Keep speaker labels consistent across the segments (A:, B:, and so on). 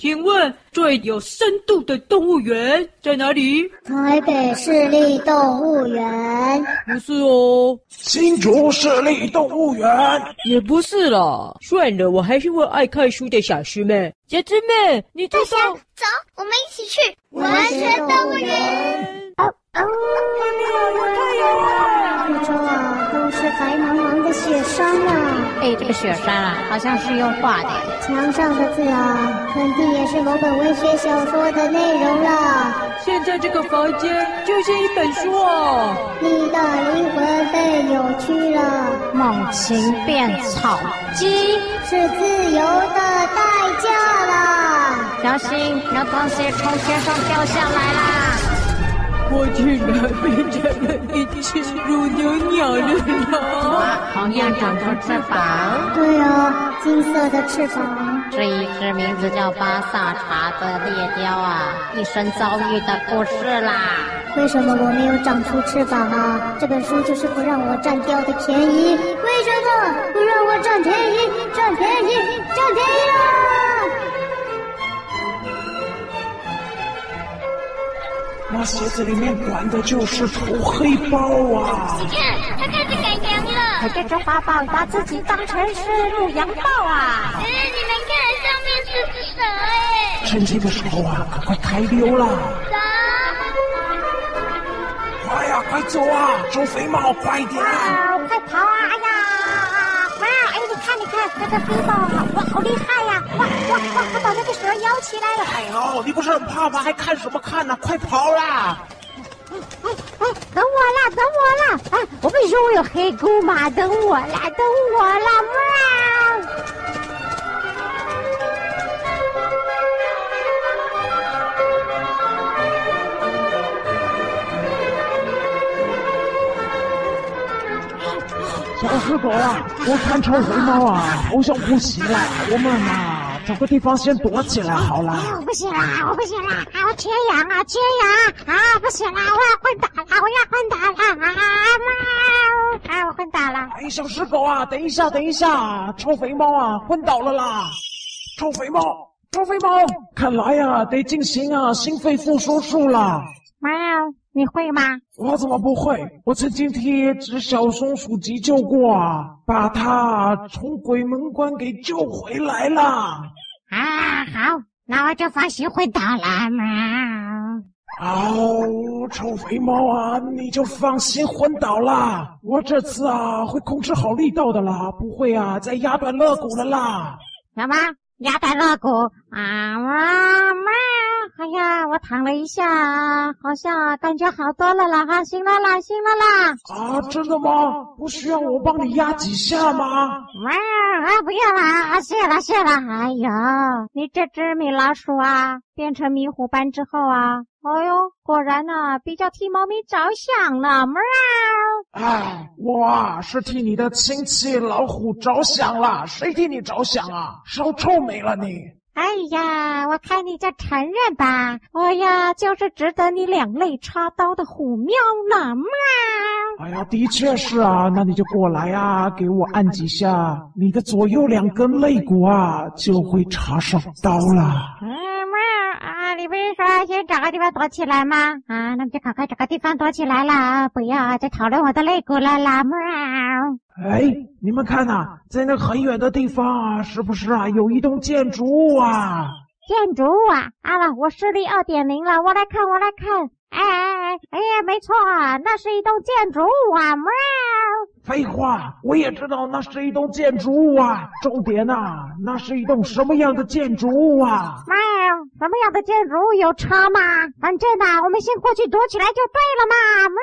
A: 請問最有深度的動物園在哪裡？台北
B: 市立動物園，不是哦，新竹市立動物園也不是啦。算了，我還是問愛看書的小獅妹。姐
C: 姐妹，你坐上，走，我們一起去文學動物園。哦，外面有太陽啊！這都是白茫茫的
A: 雪山啊！哎，這個雪山啊，好像是用畫的。牆上的字啊，肯定也是某本文學小說的內容了。現在這個房間就像一本書哦。你的靈魂被扭曲了，猛禽變草雞，是自由的代價了。小心，那東西從天上掉下來啦，啊！我竟然變，這個一只乳牛鳥了。哇、啊，好像長出翅膀。對啊，金色的翅膀。這一隻名字叫巴薩查的獵雕啊，一生遭遇的故事啦。為什麼我沒有長出翅膀啊？這本書就是不讓我占雕的便宜。為
C: 什麼不讓我占便宜？占便宜，占便宜啊！.
B: 那鞋子裡面管的就是土黑豹啊！你看，
C: 他看見奶娘了，還
A: 跟着花
B: 豹，把自己當成是牧羊豹啊！哎，
C: 你們看，上面是隻蛇哎！趁這個
B: 時候啊，趕快開溜
C: 了。
B: 走！快呀、啊，快走啊！周肥貓，快點！
A: 快跑啊！看
B: 這、哎，那個飛鏢啊！哇，好、哦、厲害呀、啊！哇哇哇！牠把那個蛇咬起來了！哎呦，你不是很怕嗎？還看什
A: 麼看呢、啊？快跑啦！哎哎，哎，等我啦，等我啦！哎、啊，我不是說我有黑狗嗎？等我啦，等我啦！哇！
B: 小死狗啊，我看臭肥貓啊，好像不行了，我們嘛、啊，找個地方先躲起來好了。我、哎、
A: 不行了，我不行了，我缺氧啊，缺氧啊，啊不行了，我要昏倒了，我要昏倒了啊！媽、啊啊啊，啊，我昏倒了。哎，小死
B: 狗啊，等一下，等一下，臭肥貓啊，昏倒了啦！臭肥貓，臭肥貓，對看來呀、啊、得進行啊心肺復甦術了。呀、哎。你會嗎？我怎麼不會？我曾經替一隻小松鼠急救過啊，把它從鬼門關給救回來了。啊，
A: 好，那我就放心昏倒了嘛。
B: 好，哦，臭肥貓啊，你就放心昏倒了。我這次啊，會控制好力
A: 道的啦，不會啊再壓斷肋骨的啦。什麼？壓斷肋骨？啊媽媽，媽。哎呀，我躺了一下，啊，好像、啊、感覺好多了啦。哈，醒啦啦，醒啦啦！啊，真的嗎？不需要我幫你壓幾下嗎？啊啊，不要啦。啊，謝了謝了！哎呦，你這隻米老鼠啊，變成米虎斑之後啊，哎呦，果然呢、啊，比較替貓咪着想了，喵。哎，
B: 我啊，
A: 是替你的親
B: 戚老虎着想了，誰替你着想啊？少臭美了你！
A: 哎呀，我看你就承認吧，我呀就是值得你兩肋插刀的虎喵男嘛。
B: 哎呀，的確是啊，那你就過來啊，給我按幾下，你的左右兩根肋骨啊就會插上刀
A: 了。先找個地方躲起來嗎？啊，那麼就趕快找個地方躲起來了，不要、啊、再討論我的肋骨了啦！喵。哎，你們看吶、啊，
B: 在那很遠的地方，啊，是不是啊，有一棟建築物啊？
A: 建築物啊！啊，我視力二點零了，我來看，我來看。哎哎哎哎呀，沒錯，那是一棟建築物啊！喵，
B: 廢話，我也知道那是一棟建築物啊！重點吶，那是一棟什麼樣的建築物啊？喵，什麼樣的建築物有差嗎？反正吶，我們先過去躲起來就對了嘛！喵，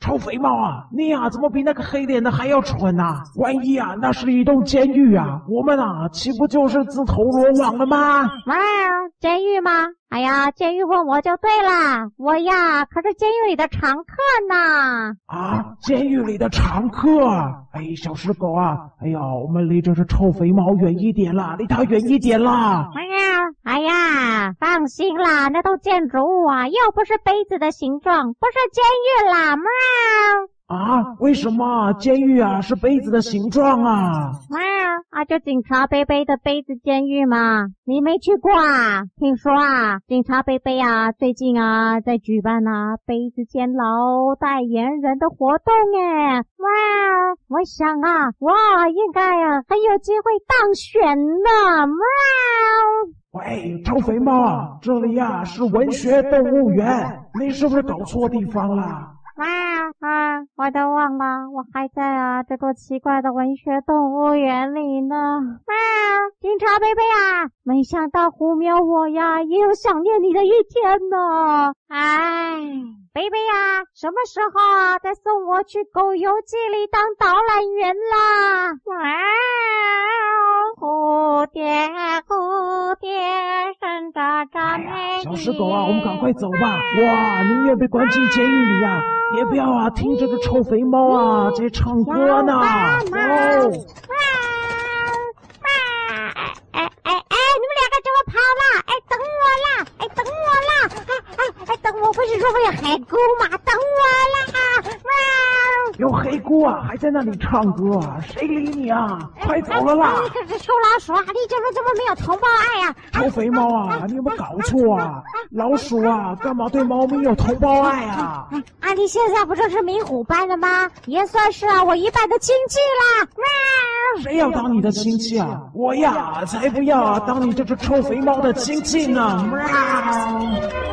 B: 臭肥貓啊，你呀，怎麼比那個黑臉的還要蠢吶？萬一啊，那是一棟監獄啊，我們啊，豈不就是自投羅網了嗎？
A: 喵，監獄嗎？哎呀，監獄問我就對了，我呀可是監獄裡的常客呢。
B: 啊，監獄裡的常客！哎，小獅狗啊，哎呀，我們離這只臭肥貓遠一點啦，離它遠一點啦。
A: 哎呀，哎呀，放心啦，那棟建築物啊又不是杯子的形狀，不是監獄啦，喵。啊，為什麼、啊、監獄啊是杯子的
B: 形狀啊？
A: 啊就、啊、警察杯杯的杯子監獄嘛？你沒去過啊？聽說啊，警察杯杯啊，最近啊在舉辦啊杯子監牢代言人的活動哎。哇，我想啊，哇，應該啊很有機會當選呢。哇，
B: 喂，超肥貓，這裡啊是文學動物園，你是不是搞錯地方了？
A: 哇啊！我都忘了，我還在啊，這個奇怪的文學動物園裡呢。啊，警察貝貝啊，沒想到虎喵我呀，也有想念你的一天呢。唉。貝貝呀、啊，什麼時候啊，再送我去狗遊記裡當導覽員啦？哇，蝴蝶，蝴蝶，山着長鼻哎呀，小石狗啊，我們趕快走
B: 吧！哇，寧願被關進監獄裡、啊哎、呀！也不要啊，聽這個臭肥貓啊在、哎、呀唱歌呢。哦、哎。媽媽哎
A: 不是說沒有黑姑嗎？等我啦！哇！有黑姑啊，
B: 還在那裡唱歌，
A: 誰理你啊？快走了啦！哎、你這隻臭老鼠啊！你這隻怎麼沒有同胞愛呀？臭肥貓啊！你有沒有搞錯啊？啊啊啊老鼠啊，幹嘛對貓咪有同胞愛啊？啊！你現在不就是明虎班的嗎？也算是我一半的親戚啦！哇！誰要當你的親戚啊？我呀，才不要當你這隻臭肥
B: 貓的親戚呢！哇！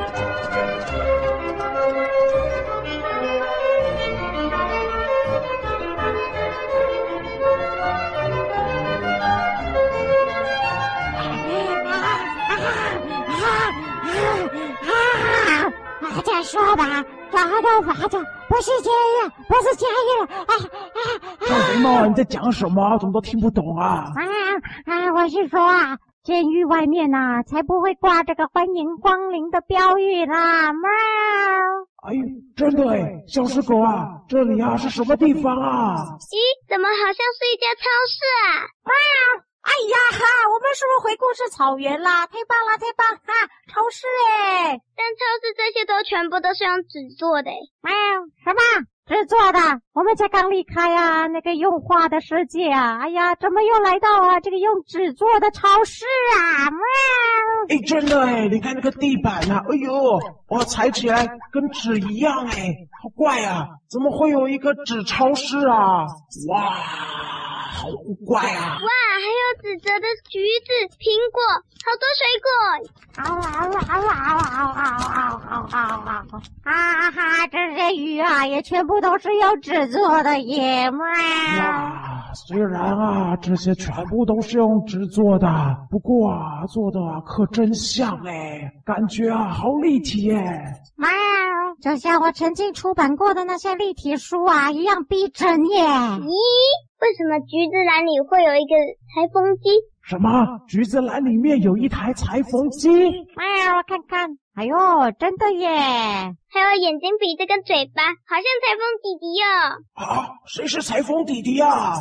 A: 說吧，抓到法子，不是監獄，不是監獄，啊、哎、啊、
B: 哎哎、啊！大黑貓，你在講什麼？怎麼都聽不懂啊！
A: 啊啊，我是說啊，監獄外面吶、啊，才不會掛這個歡迎光臨的標語呢！喵！哎，真的哎、欸，小失狗啊，這裡啊是什麼地方啊？
C: 咦，怎麼好像是一家超市啊？喵！哎呀哈！我們是不是回故事草原啦？太棒了，太棒了哈！超市哎、欸，但超市這些都全部都是用紙做的欸。哎呀，什麼紙做的？我們才剛離開呀、啊，那個用畫的世
A: 界啊，哎呀，怎麼又來到啊這個用紙做的超市啊？哇、嗯！
B: 真的哎，你看那個地板吶、啊，哎呦，我踩起來跟紙一樣哎，好怪啊！怎麼會有一個紙超市啊？哇，
C: 好
B: 怪啊！
C: 哇，還有紙折的橘子、蘋果，好多水果。啊啊啊啊啊哇啊哇啊哇啊哇啊哇！哈哈，
A: 這些魚啊，也全部都是用紙。做的爺們啊，
B: 雖然啊，這些全部都是用紙做的，不過啊，做的可真像哎，感覺啊，好立體耶！
A: 喵，就像我曾經出版過的那些立體書啊，一樣逼真耶！咦。為什麼橘子籃裡會有一個裁縫機？什麼？橘子籃裡面有一台裁縫機？
C: 媽呀、啊！啊、來來我看看。
A: 哎呦，真的耶！
C: 還有眼睛鼻子跟嘴巴，好像裁縫弟弟喲、哦。
B: 啊，誰是裁縫弟弟呀、啊？啊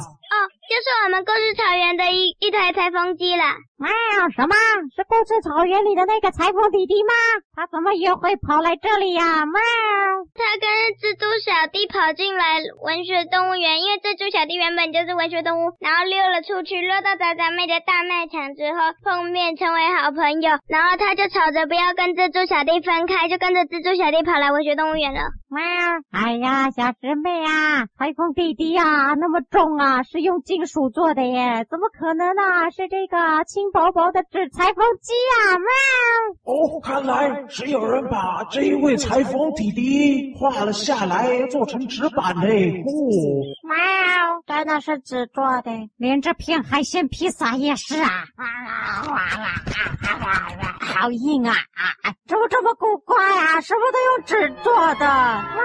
C: 就是我們故事草原的一一台裁縫機了。喵，什麼？是故事
A: 草原裡的那個裁縫弟弟嗎？他怎麼也會跑來這裡、啊、媽
C: 呀？喵，他跟蜘蛛小弟跑進來文學動物園，因為蜘蛛小弟原本就是文學動物，然後溜了出去，溜到渣渣妹的大賣場之後碰面，成為好朋友。然後他就吵着不要跟蜘蛛小弟分開，就跟着蜘蛛小弟跑來文學動物園了。喵，哎呀，小獅妹啊，裁
A: 縫弟弟啊，那麼重啊，是用幾。金屬做的耶？怎麼可能呢、啊？是這個輕薄薄的紙裁縫機啊。哇哦，看來是有人把這一位裁縫弟弟
B: 畫了下來，做成紙板嘞。哦。
A: 喵，真的是紙做的。連這片海鮮披薩也是啊。哇哇哇哇哇哇，好硬啊！啊，怎、啊、麼這，這麼古怪呀、啊？什麼都用紙做的？哇。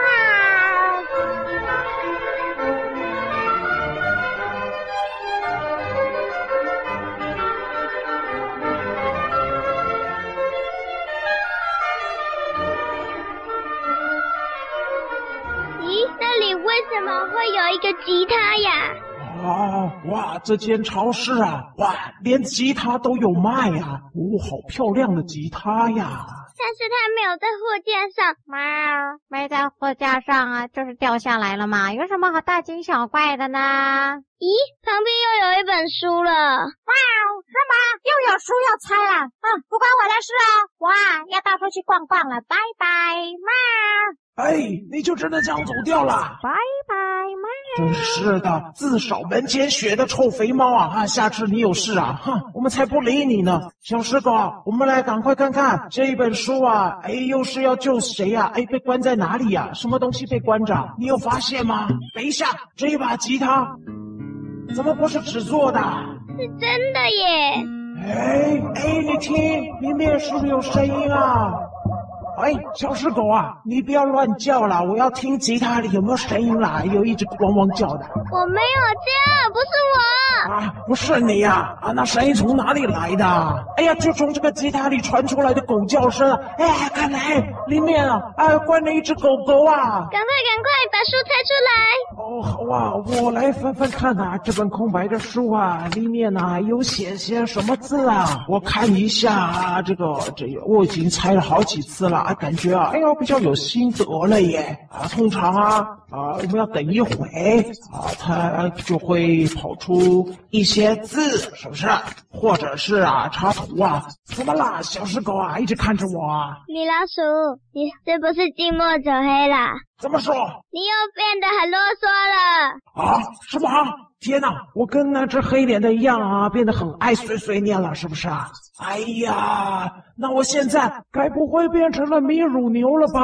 C: 為什麼會有一個吉他呀？啊、
B: 哇，這間超市啊，哇，連吉他都有賣呀、啊！哇、哦，好漂亮的吉他呀！
C: 但是它沒有在貨架上，媽，沒在
A: 貨架上啊，就是掉下來了嘛，有什麼好大驚小怪的呢？咦，旁邊又有一本書了！哇，是嗎？又有書要拆了啊、嗯！不關我的事哦。哇，要到處去逛逛了，拜拜，媽。哎，你就真的這樣走掉了！拜拜，
B: 媽。真是的，自掃門前雪的臭肥貓啊！啊，下次你有事啊，哼，我們才不理你呢！小石狗，我們來趕快看看這一本書啊！哎，又是要救誰呀、啊？哎，被關在哪裡呀、啊？什麼東西被關着？你有發現嗎？等一下，這一把吉他。啊怎麼不是紙做的？是真的耶。哎哎，你聽，裡面是不是有聲音啊？哎，小獅狗啊！你不要亂叫了，我要聽吉他裡有沒有聲音啦。有一只汪汪叫的，
C: 我沒有叫，不是我啊，
B: 不是你呀、啊！啊，那聲音從哪裡來的？哎呀，就從這個吉他裡傳出來的狗叫聲。哎呀，看來裡面啊，啊、哎，關着一只狗狗啊！
C: 趕快，趕快把書拆出來。哦，好啊，我
B: 來翻翻看吶、啊，這本空白的書啊，裡面啊有寫些什麼字啊？我看一下啊，這個，這我已經猜了好幾次了。啊，感覺啊，哎呦，比較有心得了耶！啊，通常啊。啊，我們要等一會啊，他就會跑出一些字，是不是？或者是啊，插圖啊？怎麼了，小石狗啊？一直看着我、啊。
C: 米老鼠，你是不是近墨者黑了？怎麼說？你又變得很囉嗦了。啊，什麼？
B: 天哪，我跟那只黑臉的一樣啊，變得很愛碎碎念了，是不是啊？哎呀，
A: 那我現在該不會變成了米乳牛了吧？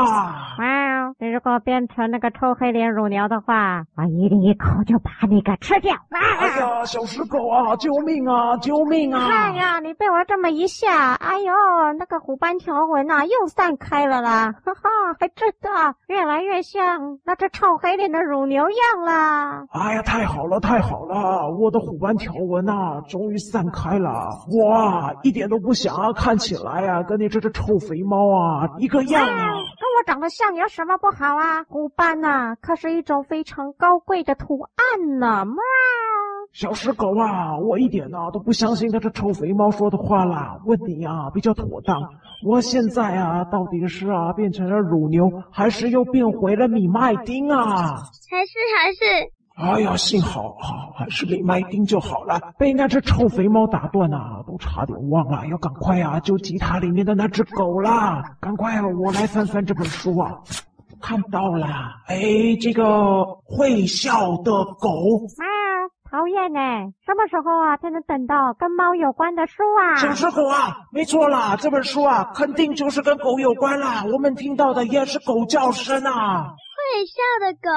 A: 哇，哦，你如果變成那個臭黑臉。變乳牛的話，我一定一口就把你給吃掉！哎呀，
B: 小獅狗啊，救命啊，救
A: 命啊！看、哎、呀，你被我這麼一下，哎呦，那個虎斑條紋吶、啊，又散開了啦！哈哈，還真的，越來越像那只臭黑臉的乳牛樣啦。
B: 哎呀，太好了，太好了！我的虎斑條紋吶、啊，終於散開了！哇，一點都不像啊，看起來啊，跟你這隻臭肥貓啊一個樣啊！
A: 長得像有什麼不好啊？虎斑吶、啊，可是一種非常高貴的圖案呢嘛。
B: 小石狗啊，我一點啊都不相信他這臭肥貓說的話啦。問你啊，比較妥當。我現在啊，到底是啊變成了乳牛，還是又變回了米麥丁啊？
C: 還是還是。哎呀，
B: 幸好好還是沒埋釘就好了，被那隻臭肥貓打斷了、啊，都差點忘了，要趕快啊，救吉他裡面的那隻狗了！趕快、啊，我來翻翻這本書啊，看到了，哎，這個會笑的狗。
A: 討厭呢、欸，什麼時候啊才能等到跟貓有關的書啊？小時候啊，沒錯啦，
B: 這本書啊肯定就是跟狗有關啦。我們聽到的也是狗叫聲啊。
C: 會笑的狗？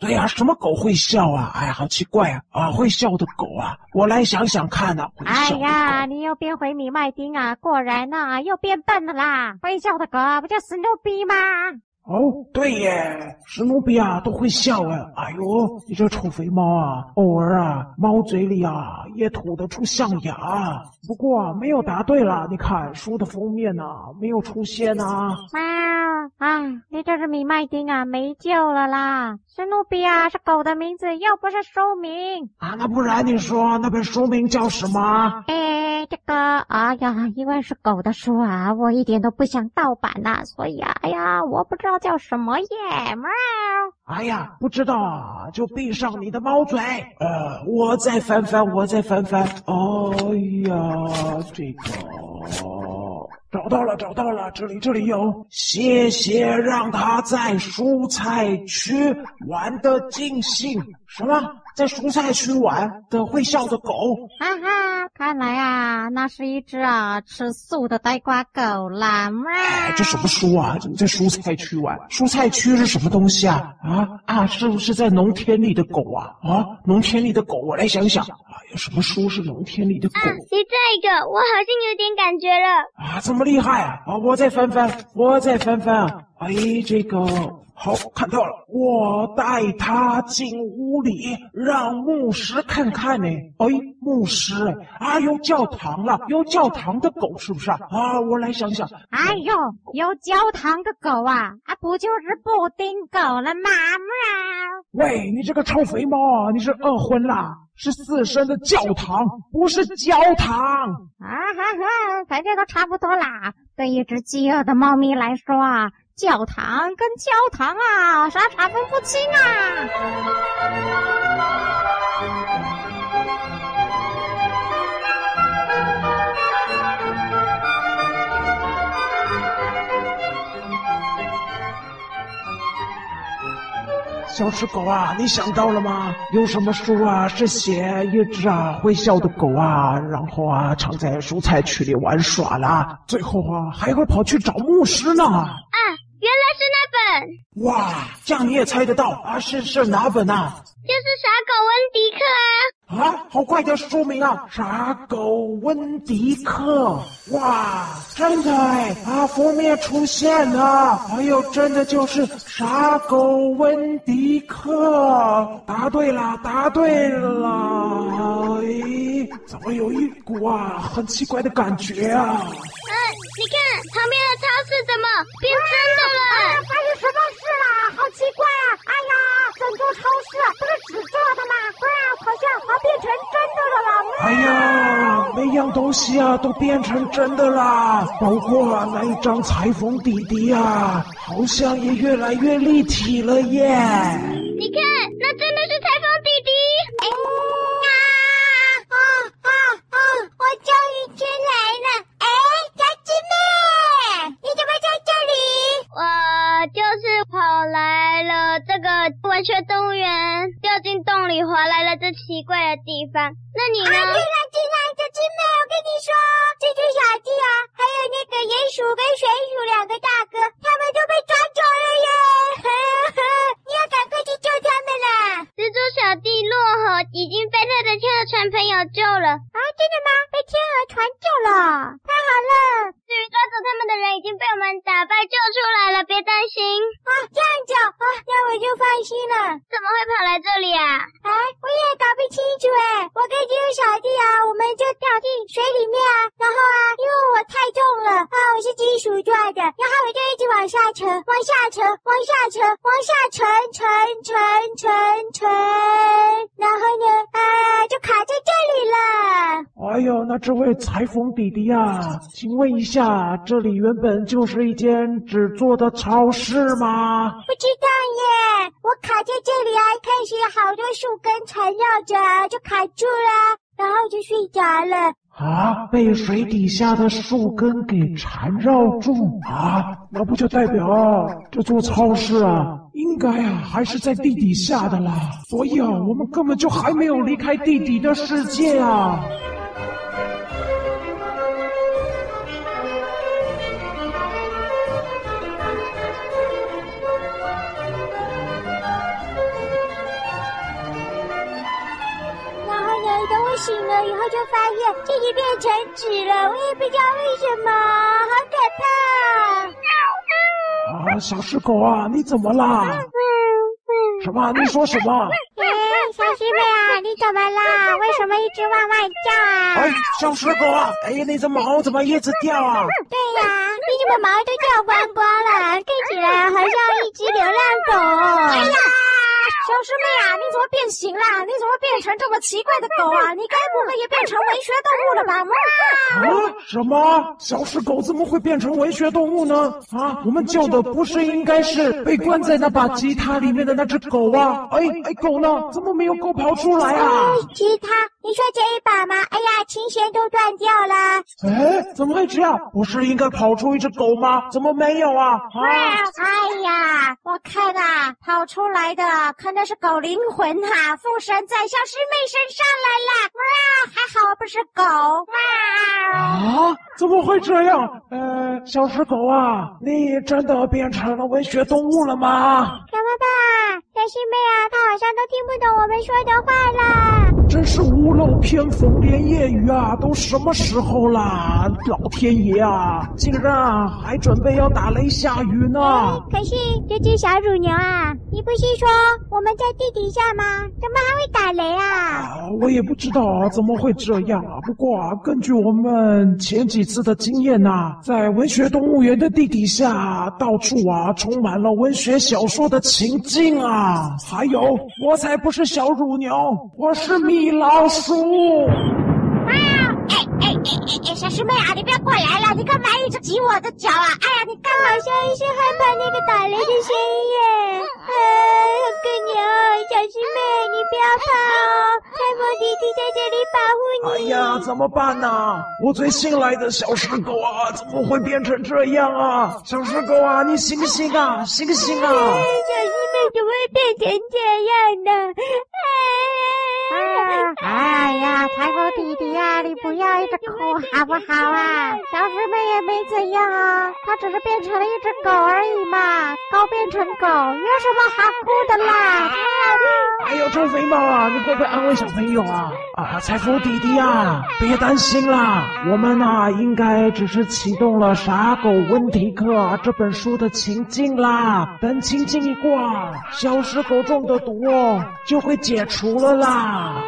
A: 對呀、啊，
B: 什麼狗會笑啊？哎，呀，好奇怪啊！啊，會笑的狗啊，我來想想看呢、啊。
A: 哎呀，你又變回米麥丁啊！果然吶、啊，又變笨了啦。會笑的狗啊，不就是史努比嗎？哦，對耶，
B: 史努比啊都會笑耶。哎呦，你這臭肥貓啊，偶爾啊，貓嘴裡啊也吐得出象牙。不過啊，沒有答對啦。你看書的封面呢啊，沒有出現呢
A: 啊。你這是米麥丁啊，沒救了啦！史努比啊，是狗的名字，又不是書名啊！那不然你
B: 說那本書名叫什麼？
A: 哎，這個，哎呀，因為是狗的書啊，我一點都不想盜版吶、啊，所以啊，哎呀，我不知道叫什麼耶，貓！哎呀，不知道啊，就閉上你的貓嘴！呃，我
B: 再翻翻，我再翻翻，哎呀，這個。找到了，找到了，這裡這裡有，謝謝讓他在蔬菜區玩得盡興。什麼？在蔬菜區玩的會笑的狗，
A: 哈哈！看來啊，那是一隻啊吃素的呆瓜狗啦。哎，
B: 這什麼書啊？怎麼在蔬菜區玩，蔬菜區是什麼東西啊？啊啊，是不是在農田裡的狗啊？啊，農田裡的狗，我來想想，啊、有什麼書是農田裡的狗？
C: 哎、啊，這一個，我好像有點感覺了。
B: 啊，這麼厲害啊，啊！我再翻翻，我再翻翻，哎，這個。好，看到了，我帶牠進屋裡，讓牧師看看呢、欸。哎，牧師，啊有教堂了，有教堂的狗是不是啊？啊，我來想想。
A: 哎呦，有教堂的狗啊，啊，不就是布丁
B: 狗了嗎？媽媽喂，你這個臭肥貓啊，你是餓昏了？是四聲的教堂，不是教堂。
A: 啊哈哈，反正都差不多啦，對一只飢餓的貓咪來說啊。教堂跟教堂啊，傻傻分不清啊！
B: 小石狗啊，你想到了嗎？有什麼書啊，是寫一只啊會笑的狗啊，然後啊常在蔬菜區裡玩耍啦，最後啊還會跑去找牧師呢。嗯、啊。
C: 原來是那本哇！
B: 這樣你也猜得到啊？是是哪本啊？
C: 就是傻狗溫迪客
B: 啊！啊，好快就說明了傻狗溫迪客！哇，真的，哎。啊，封面出現了，還有真的就是傻狗溫迪客！答對了，答對了！咦、哎，怎麼有一股啊，很奇怪的感覺啊！啊
C: 旁邊的超市怎麼變真的了？發生、哎哎、什麼事了啊？
A: 好奇怪啊！哎呀，整座超市不是紙做的嗎？對啊，好像它變成真的
B: 了。哎呀，每樣東西啊都變成真的啦，包括、啊、那一張裁縫弟弟啊，好像也越來越立體
C: 了耶。你看那。站住！我就放心了。怎麼會跑來這裡啊？哎，我也搞不清楚哎。我跟這位小弟啊，我們
A: 就掉進水裡面啊。然後啊，因為我太重了啊，我是金屬做的。然後我就一直往下沉，往下沉，往下沉，往下沉，沉，沉，沉，沉。然後呢，哎、啊，就卡在這裡了。哎
B: 呦，那這位裁縫弟弟啊，請問一下，這裡原本就是一間紙做的超市嗎？
A: 不知道耶。我卡在這裡啊！一開始好多樹根纏繞着，就卡住了，然後就睡着了。
B: 啊！被水底下的樹根給纏繞住啊！那不就代表這座超市啊，應該啊還是在地底下的啦？所以啊，我們根本就還沒有離開地底的世界啊！
A: 醒了以後就發現自己變成紙了，我也不知道為什麼，
B: 好可怕啊！啊，小獅狗啊，你怎麼啦？嗯嗯、
A: 什麼？你說什麼？哎、小獅妹啊，你怎麼啦？為什麼一直汪汪叫啊？哎、啊？哎，小獅狗啊，哎呀，那隻
B: 毛怎麼一直掉啊？
A: 對呀、啊，你怎麼毛都掉光光了？看起來好像一只流浪狗，啊。哎呀！小獅妹啊，你怎麼變形了？你怎麼變成這麼奇怪的狗
B: 啊？你該不會也變成文學動物了吧？吧啊？什麼？小獅狗怎麼會變成文學動物呢？啊？我們救的不是應該是被關在那把吉他裡面的那隻狗啊？哎哎，狗呢？怎麼沒有狗跑出來啊？哎，吉他。
A: 你說這一把嗎？哎呀，琴弦都斷掉了！
B: 哎，怎麼會這樣？不是應該跑出一隻狗嗎？怎麼沒有啊？哇、
A: 啊！哎呀，我看啊跑出來的，可能是狗靈魂哈、啊，附身在小獅妹身上來了！哇、啊！還好不是狗！啊！
B: 怎麼會這樣？呃，小獅狗啊，你真的變成了文學動物了嗎？
A: 怎麼辦？小獅妹，啊，她好像都聽不懂我們說的話了。真是屋
B: 漏偏逢連夜雨啊！都什麼時候了，老天爺啊，
A: 竟然啊還準備要打雷下雨呢、欸！可是這只小乳牛啊，你不是說我們在地底下嗎？怎麼還會打雷啊？啊我也不
B: 知道、啊、怎麼會這樣啊！不過啊，根據我們前幾次的經驗吶、啊，在文學動物園的地底下，到處啊充滿了文學小說的情境啊！還有，我才不是小乳牛，我是米。你老
A: 鼠！啊！哎哎哎哎哎，小師妹啊，你不要過來了！你幹嘛一直擠我的腳啊？哎呀，你幹嘛好像一直害怕那個打雷的聲音耶？哎呀，好可憐哦，小師妹你不要怕哦，裁縫弟弟在這裡保護你。哎呀，怎
B: 麼辦吶、啊？我最信賴的小師哥啊，怎麼會變成這樣啊？小師哥啊，你醒醒啊，醒醒啊！哎、呀
C: 小師
A: 妹怎麼會變成這樣呢？啊！哎呀哎呀，裁縫弟弟呀、啊，你不要一直哭好不好啊？小獅妹也沒怎樣啊，她只是變成了一隻狗而已嘛，狗變成狗有什麼好哭的啦？啊、哎呦，臭肥貓啊，你會不會安慰小朋友啊？
B: 啊，裁縫弟弟呀、啊，別擔心啦，我們啊應該只是啟動了《傻狗溫迪客》這本書的情境啦，等情境一過，小獅狗中的毒就會解除了啦。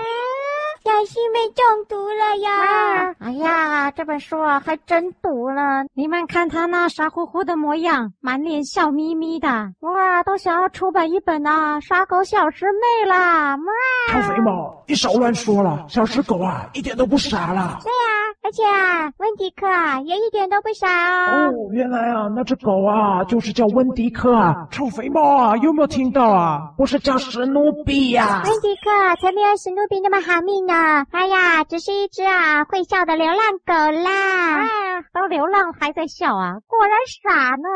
A: 小獅妹中毒了呀！哎呀，這本書啊，還真毒了！你們看他那傻乎乎的模樣，滿臉笑眯眯的，哇，都想要出版一本呢、啊，傻狗小獅妹啦！媽，看肥貓，
B: 你少亂說了，小獅狗啊，一點都不傻啦。對呀、
A: 啊。而且啊，溫迪客啊，也一點都不傻哦。
B: 哦，原來啊，那只狗啊，就是叫溫迪客啊，臭肥貓啊，有沒有聽到啊？不是叫史努比呀、啊？溫
A: 迪客才沒有史努比那麼好命呢。哎呀，只是一只啊，會笑的流浪狗啦。哎呀，都流浪還在笑啊，果然傻呢。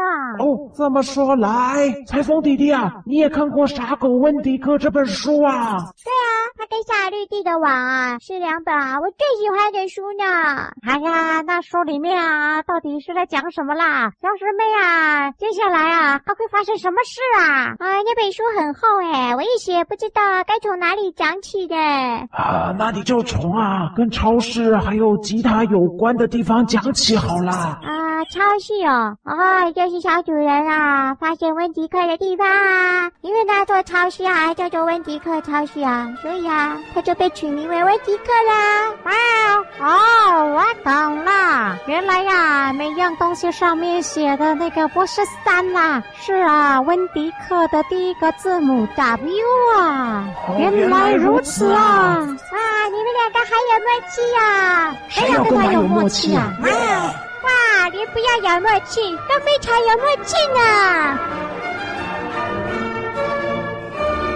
A: 哦，這麼說來，裁縫弟弟啊，你
B: 也看過《傻狗溫迪客》這本書啊？
A: 對啊，他跟《夏綠蒂的網》啊，是兩本啊，我最喜歡的書呢。哎呀，那書裡面啊，到底是在講什麼啦？小獅妹啊，接下來啊，還會發生什麼事啊？啊、呃，那本書很厚哎、欸，我一時不知道該從哪裡講起的。啊，
B: 那你就從啊，跟超市還有吉他有關的地方講起好啦。啊
A: 超市哦，哦，這是小主人啊！發現溫迪客的地方啊，因為他做超市啊，叫做溫迪客超市啊，所以啊，他就被取名為溫迪客啦。哇哦，哦，我懂啦，原來呀、啊，每樣東西上面寫的那個不是三啦，是啊，溫迪客的第一個字母 W 啊，哦、原來如此啊！哇、哦啊啊，你們兩個還有默契呀、啊，誰要跟他有默契啊！嗯嗯哇，你不
C: 要有默契，都非常有默契呢。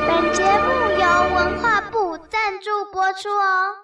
C: 本節目由文化部贊助播出哦。